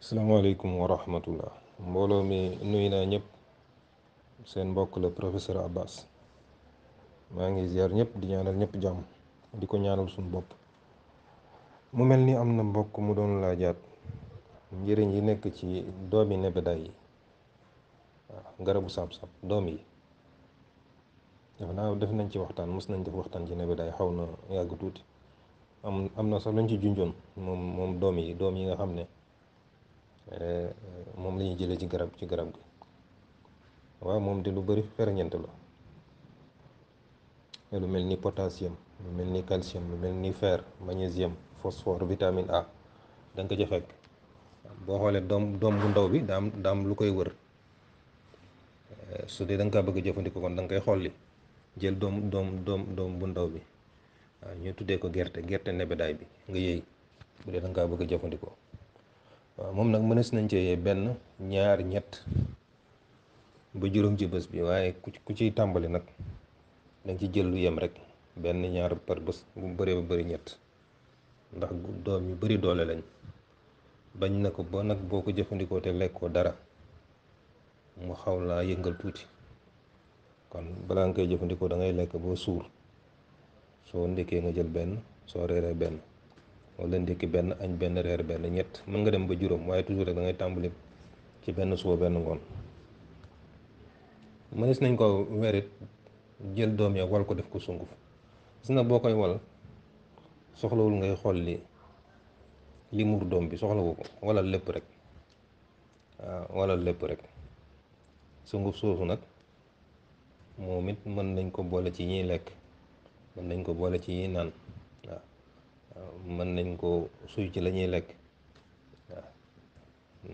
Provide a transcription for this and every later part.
salaamaaleykum wa rahmatullah mbooloo mi nuyu naa ñëpp seen mbokk la professeur Abbas maa ngi ziar ñëpp di ñaanal ñëpp jàmm di ko ñaanal suñu bopp mu mel ni am na mbokk mu doon laajaat njëriñ yi nekk ci doom yi nebedaay yi waaw garabu saab-saab doom yi def naa def nañ ci waxtaan mos nañ def waxtaan ci nebedaay xaw na yàgg tuuti am am na sax lañ ci junjoon moom moom doom yi doom yi nga xam ne Euh, moom la ñuy jëlee ci garab ci garab gi waaw moom de lu bari bëri ferñeent la lu mel ni potassium lu mel ni calcium lu mel ni fer magnésium phosphore vitamine A da nga ko ci boo xoolee doom doom bu ndaw bi daam daam lu koy wër euh, su dee da nga kaa bëgg a jëfandikoo kon da nga koy xolli jël doom doom doom doom bu ndaw bi waaw ñu tuddee ko gerte gerte nebedaay bi nga yëy bu dee da nga kaa bëgg a jëfandikoo. waaw moom nag mënees nañ cee benn ñaar ñett ba juróom ci bés bi waaye ku ku ciy tàmbali nag danga ci jël lu yem rek benn ñaar par bés bu bëree ba bëri ñett ndax doom yu bari doole lañ bañ na ko ba nag boo ko jëfandikoo te lekkoo dara mu xaw laa yëngal tuuti kon balaa nga koy jëfandikoo dangay ngay lekk boo suur soo ndekkee nga jël benn soo reeree benn wala ndékki benn añ benn reer benn ñett mën nga dem ba juróom waaye toujours rek da ngay ci benn soo benn ngoon mënees nañ koo werit jël doom ya wal ko def ko sunguf gis nga boo koy wal soxlawul ngay xool li li doom bi soxlawu ko lépp rek waaw lépp rek sunguf soosu nag moom it mën nañ ko boole ci ñiy lekk mën nañ ko boole ci ñiy naan waaw mën nañ koo suy ci la ñuy lekk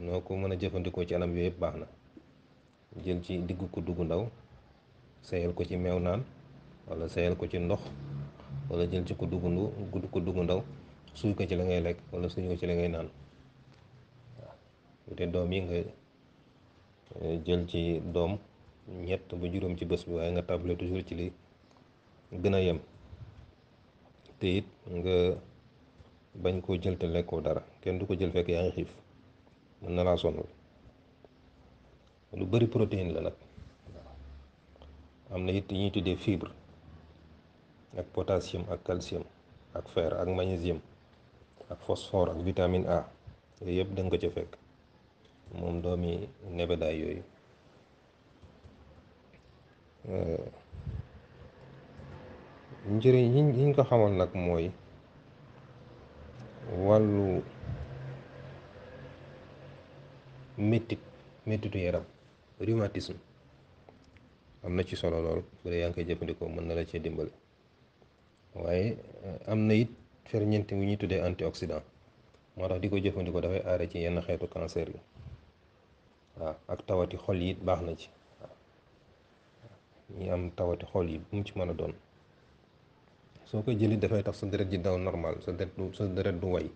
noo ko mën a jëfandikoo ci anam yooyu yëpp baax na jël ci digg kudd gu ndaw sayal ko ci meew naan wala sayal ko ci ndox wala jël ci kudd gu kudd gu ndaw suy ko ci la ngay lekk wala suy ko ci la ngay naan waaw bu dee doom yi nga eh, jël ci doom ñett ba juróom ci bés bi waaye nga tàmbale toujours ci li gën a yem te it nga bañ koo jël te lekkoo dara kenn du ko jël fekk yaa ngi xiif mën na laa sonal lu bëri protéine la nag am na it ñuy tuddee fibre ak potassium ak calcium ak fer ak magnésium ak phosphore ak vitamine A yooyu yëpp da ko ca fekk moom doomi nebedaay yooyu njëriñ yiñ ko xamal nag mooy wàllu métit métitu yaram rhumatisme am na ci solo lool bu dee yaa ngi koy jëfandikoo mën na la cee dimbali waaye eh, am na it ferñeent wu ñuy tuddee antioxydant moo tax di ko jëfandikoo dafay aare ci yenn xeetu cancer yi waaw ak tawati xol yi baax na ci ñi am tawati xol yi bu mu ci mën a doon soo koy jëli dafay tax sa deret ji daw normal sa deret du sa way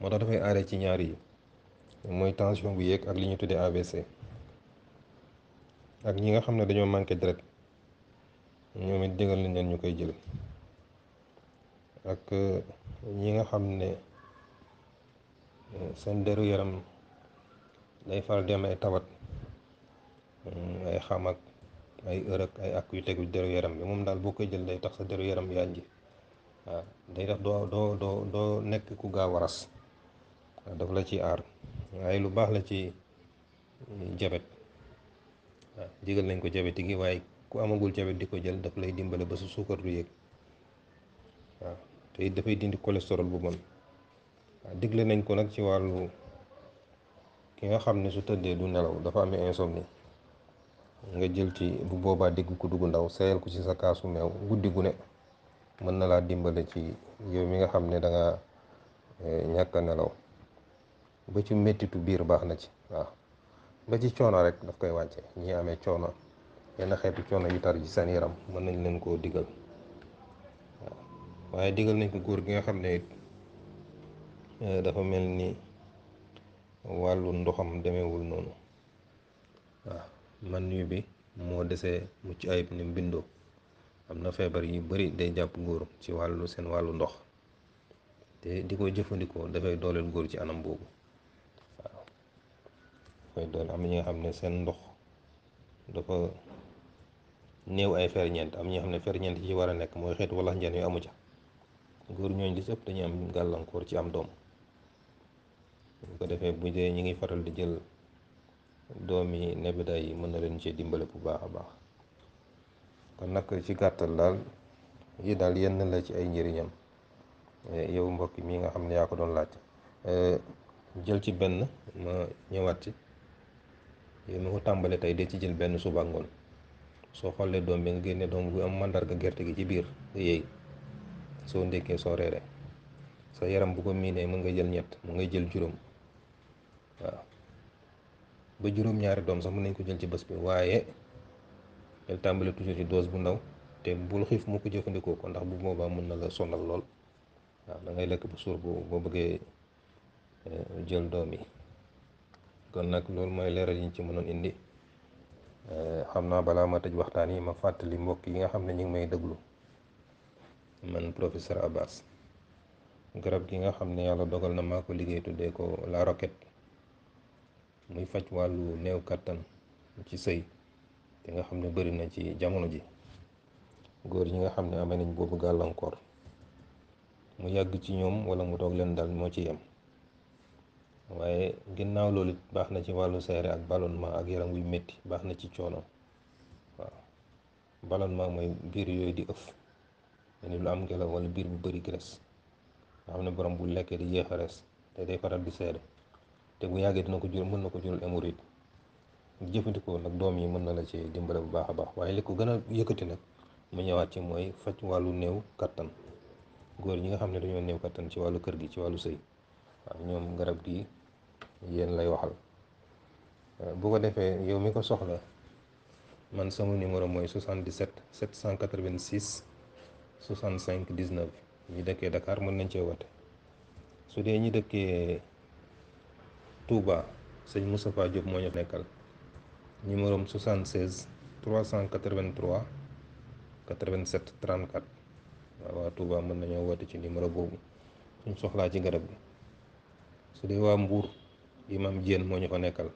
moo tax dafay aaree ci ñaar yi mooy tension bu yëg ak li ñu tuddee AVC ak ñi nga xam ne dañoo manqué deret ñoom it nañ leen ñu koy jël ak euh, ñi nga xam ne seen deru yaram day far dem ay tawat ay xam ak ay heure ak ay ak yu tegu deru yaram bi moom daal boo koy jël day tax sa deru yaram yaa nji day tax doo doo doo doo nekk ku gaaw a ras waaw la ci aar waaye lu baax la ci eh, jabet waaw nañ ko jabet gi waaye ku amagul jabet di ko jël daf lay dimbale ba su suukar du yëg waaw te dafay dindi cholestérol bu bon waaw nañ ko nag ci wàllu ki nga xam ne su tëddee du nelaw dafa amee insomnie nga jël ci bu boobaa digg kuddu gu ndaw seeyal ko ci sa kaasu meew guddi gu ne mën na laa dimbale ci yow mi nga xam ne danga eh, ñàkk a nelaw ba ci méttitu biir baax na ci waaw ba ci coono rek daf koy wàcce ñi amee coono yenn xeetu coono yu tar ci seen yaram mën nañ leen koo digal waaw waaye digal nañ ko góor gi nga xam ne it eh, dafa mel ni wàllu ndoxam demeewul noonu man yu bi moo desee mucc ay ni mbindoo am na feebar yu bari day jàpp góor ci wàllu seen wàllu ndox te di ko jëfandikoo dafay dooleel góor ci anam boobu waaw dafay dool am ñi nga xam ne seen ndox dafa néew ay ferñeent am ñi nga xam ne ferñeent yi ci war a nekk mooy xeet wala njeen yu amu ca góor ñooñ li ëpp dañuy am gàllankoor ci am doom bu ko defee bu dee ñi ngi faral di jël doomi nebedaay yi mën na leen cee dimbale bu baax a baax kon nag ci gàttal daal yi daal yenn la ci ay njëriñam eh, yow mbokk mi nga xam ne yaa ko doon laaj eh, jël ci benn ma ñëwaat ci yow mi ko tàmbale tey de ci jël benn suba ngoon soo xoolee doom bi nga génne doom bu am màndarga gerte gi ci biir nga yéey soo ndékkee soo reeree sa yaram bu ko miinee mën nga jël ñett mën ngay jël juróom waaw ba juróom-ñaari doom sax mën nañ ko jël ci bës bi waaye del tàmbali toujours ci doos bu ndaw te bul xiif mu ko jëfandikoo ko ndax bu boobaa mun na la sonal lool waaw da ngay lekk bu suur bu boo bëggee eh, jël doom yi kon nag loolu mooy leeral yi ñu ci mënoon indi eh, xam naa balaa ma tëj waxtaan yi ma fàttali mbokk yi nga xam ne ñu ngi may déglu man professeur Abbas garab gi nga xam ne yàlla dogal na maa ko liggéey tuddee ko la roquette muy faj wàllu néew kàttan ci sëy te nga xam ne bëri na ci jamono ji góor ñi nga xam ne amee nañ boobu gàllankoor mu yàgg ci ñoom walla mu doog leen dal moo ci yem waaye ginnaaw loolu baax na ci wàllu seere ak ballonnement ak yaram wuy metti baax na ci coono waaw ma mooy biir yooyu di ëf ni lu am ngelaw wala biir bu bari graisse nga xam ne borom bu lekkee di yéex a rees te day faral di seere te bu yàggee dina ko jural mën na ko jural hémorroïde jëfandikoo nag doom yi mën na la ci dimbale bu baax a baax waaye li ko gën a yëkkati nag mu ñëwaat ci mooy faj wàllu néew kattan góor ñi nga xam ne dañoo néew kattan ci wàllu kër gi ci wàllu sëy waaw ñoom garab gi yéen lay waxal boo ko defee yow mi ko soxla man sama numéro mooy 77 786 65 19 ñi dëkkee dakaar mën nañ cee woote su dee ñi dëkkee Touba sëñ Moustapha Diop moo ñu nekkal numéro 76 383 87 34 waaw waa Touba mën nañoo woote ci numéro boobu suñ soxlaa ci garab gi su dee waa Mbour imam Diène moo ñu fa nekkal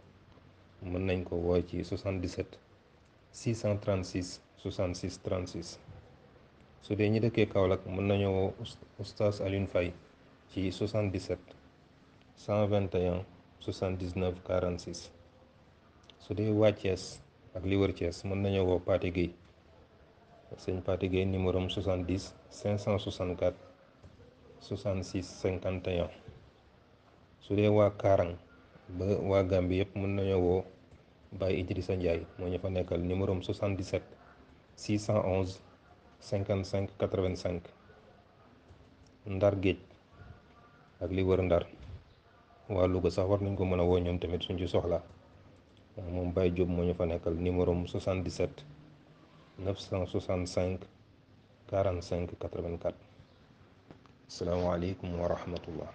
mën nañ ko woo ci 77 636 66 36 su dee ñi dëkkee kawlak mën nañoo woo oustaz Alioune Faye ci 77 121. 79 46 su dee waa Thiès ak li wër Thiès mën nañoo woo Pathé Gueye sëñ Pathé Gueye numéro am 70 564 66 51 su dee waa Kaarang ba waa Gambie yëpp mën nañoo woo Baye Idrissa Ndiaye moo ñu fa nekkal numéro am 77 611 55 85 Ndar Géej ak li wër Ndar. waa Louga sax war nañ ko mën a woo ñoom tamit suñ ci soxla moom Baye Diop moo ñu fa nekkal numéro am 77 965 45 84 asalaamaaleykum wa rahmatullah